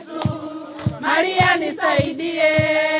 Yesu, Maria nisaidie.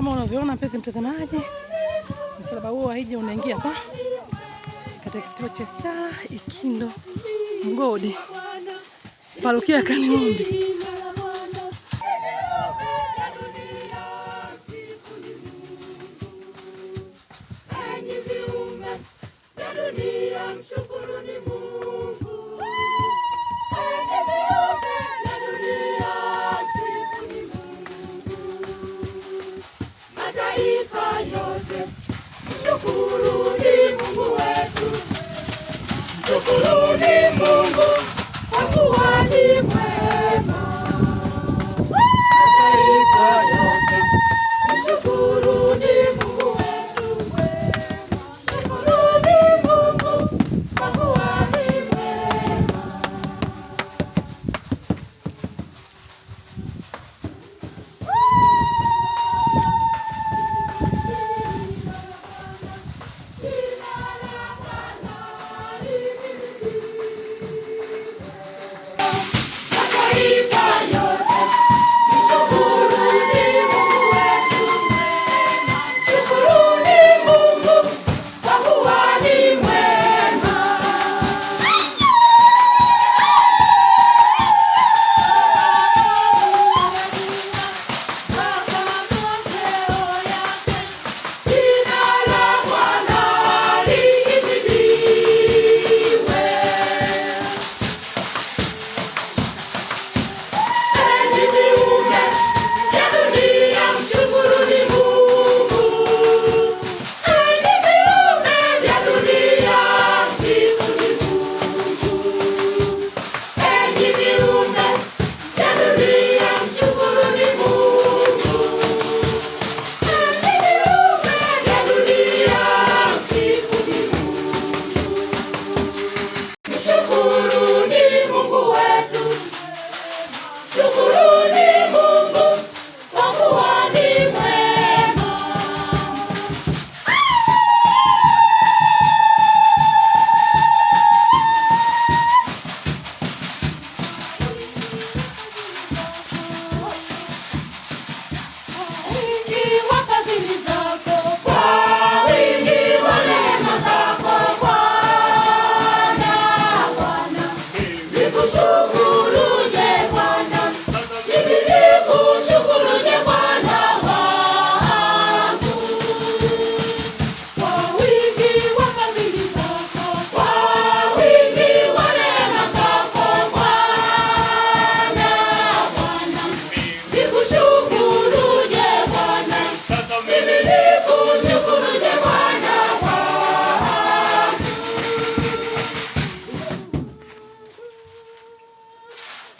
kama unavyoona mpenzi mtazamaji, msalaba huo wa hija unaingia hapa katika kituo cha sala Ikindo Mgodi, parokia ya Kang'ombe. Mshukuruni Mungu. Tukurudi Mungu wetu, tukurudi